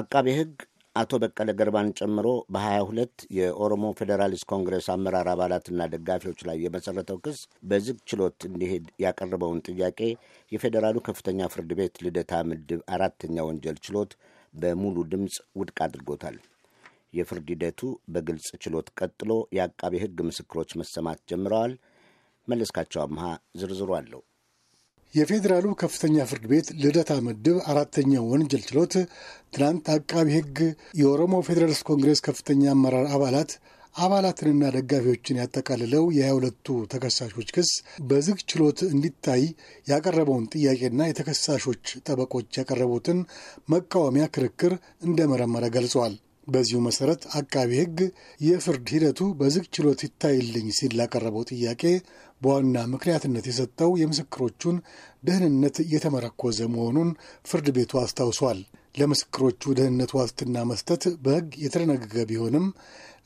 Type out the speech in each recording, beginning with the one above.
አቃቤ ሕግ አቶ በቀለ ገርባን ጨምሮ በ22 የኦሮሞ ፌዴራሊስት ኮንግረስ አመራር አባላትና ደጋፊዎች ላይ የመሠረተው ክስ በዝግ ችሎት እንዲሄድ ያቀረበውን ጥያቄ የፌዴራሉ ከፍተኛ ፍርድ ቤት ልደታ ምድብ አራተኛ ወንጀል ችሎት በሙሉ ድምፅ ውድቅ አድርጎታል። የፍርድ ሂደቱ በግልጽ ችሎት ቀጥሎ የአቃቤ ሕግ ምስክሮች መሰማት ጀምረዋል። መለስካቸው አምሃ ዝርዝሩ አለው። የፌዴራሉ ከፍተኛ ፍርድ ቤት ልደታ ምድብ አራተኛው ወንጀል ችሎት ትናንት አቃቢ ሕግ የኦሮሞ ፌዴራልስ ኮንግሬስ ከፍተኛ አመራር አባላት አባላትንና ደጋፊዎችን ያጠቃልለው የሃያ ሁለቱ ተከሳሾች ክስ በዝግ ችሎት እንዲታይ ያቀረበውን ጥያቄና የተከሳሾች ጠበቆች ያቀረቡትን መቃወሚያ ክርክር እንደመረመረ ገልጿል። በዚሁ መሰረት አቃቢ ሕግ የፍርድ ሂደቱ በዝግ ችሎት ይታይልኝ ሲል ላቀረበው ጥያቄ በዋና ምክንያትነት የሰጠው የምስክሮቹን ደህንነት እየተመረኮዘ መሆኑን ፍርድ ቤቱ አስታውሷል። ለምስክሮቹ ደህንነት ዋስትና መስጠት በሕግ የተደነገገ ቢሆንም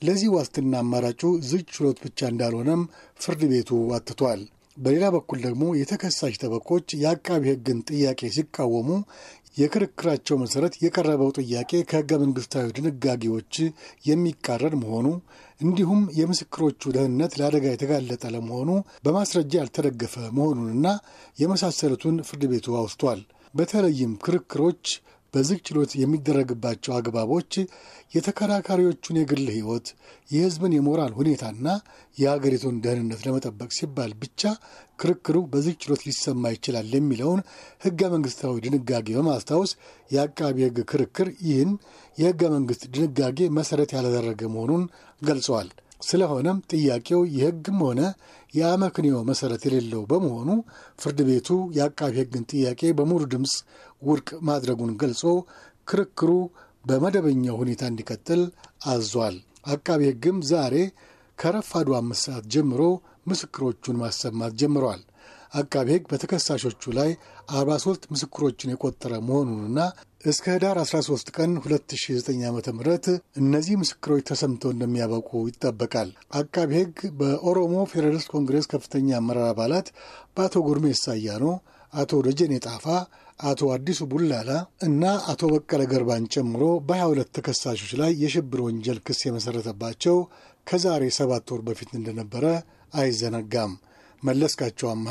ለዚህ ዋስትና አማራጩ ዝግ ችሎት ብቻ እንዳልሆነም ፍርድ ቤቱ አትቷል። በሌላ በኩል ደግሞ የተከሳሽ ጠበቆች የአቃቢ ሕግን ጥያቄ ሲቃወሙ የክርክራቸው መሰረት የቀረበው ጥያቄ ከህገ መንግስታዊ ድንጋጌዎች የሚቃረን መሆኑ እንዲሁም የምስክሮቹ ደህንነት ለአደጋ የተጋለጠ ለመሆኑ በማስረጃ ያልተደገፈ መሆኑንና የመሳሰሉትን ፍርድ ቤቱ አውስቷል። በተለይም ክርክሮች በዝግ ችሎት የሚደረግባቸው አግባቦች የተከራካሪዎቹን የግል ሕይወት፣ የሕዝብን የሞራል ሁኔታና የሀገሪቱን ደህንነት ለመጠበቅ ሲባል ብቻ ክርክሩ በዝግ ችሎት ሊሰማ ይችላል የሚለውን ሕገ መንግሥታዊ ድንጋጌ በማስታወስ የአቃቢ ሕግ ክርክር ይህን የሕገ መንግሥት ድንጋጌ መሠረት ያላደረገ መሆኑን ገልጸዋል። ስለሆነም ጥያቄው የህግም ሆነ የአመክንዮ መሰረት የሌለው በመሆኑ ፍርድ ቤቱ የአቃቢ ህግን ጥያቄ በሙሉ ድምፅ ውድቅ ማድረጉን ገልጾ ክርክሩ በመደበኛው ሁኔታ እንዲቀጥል አዟል። አቃቢ ህግም ዛሬ ከረፋዱ አምስት ሰዓት ጀምሮ ምስክሮቹን ማሰማት ጀምረዋል። አቃቢ ሕግ በተከሳሾቹ ላይ 43 ምስክሮችን የቆጠረ መሆኑንና እስከ ህዳር 13 ቀን 2009 ዓ ም እነዚህ ምስክሮች ተሰምተው እንደሚያበቁ ይጠበቃል። አቃቢ ሕግ በኦሮሞ ፌዴራሊስት ኮንግሬስ ከፍተኛ አመራር አባላት በአቶ ጉርሜሳ ነው። አቶ ደጀኔ ጣፋ፣ አቶ አዲሱ ቡላላ እና አቶ በቀለ ገርባን ጨምሮ በ22 ተከሳሾች ላይ የሽብር ወንጀል ክስ የመሰረተባቸው ከዛሬ ሰባት ወር በፊት እንደነበረ አይዘነጋም። መለስካቸው አምሃ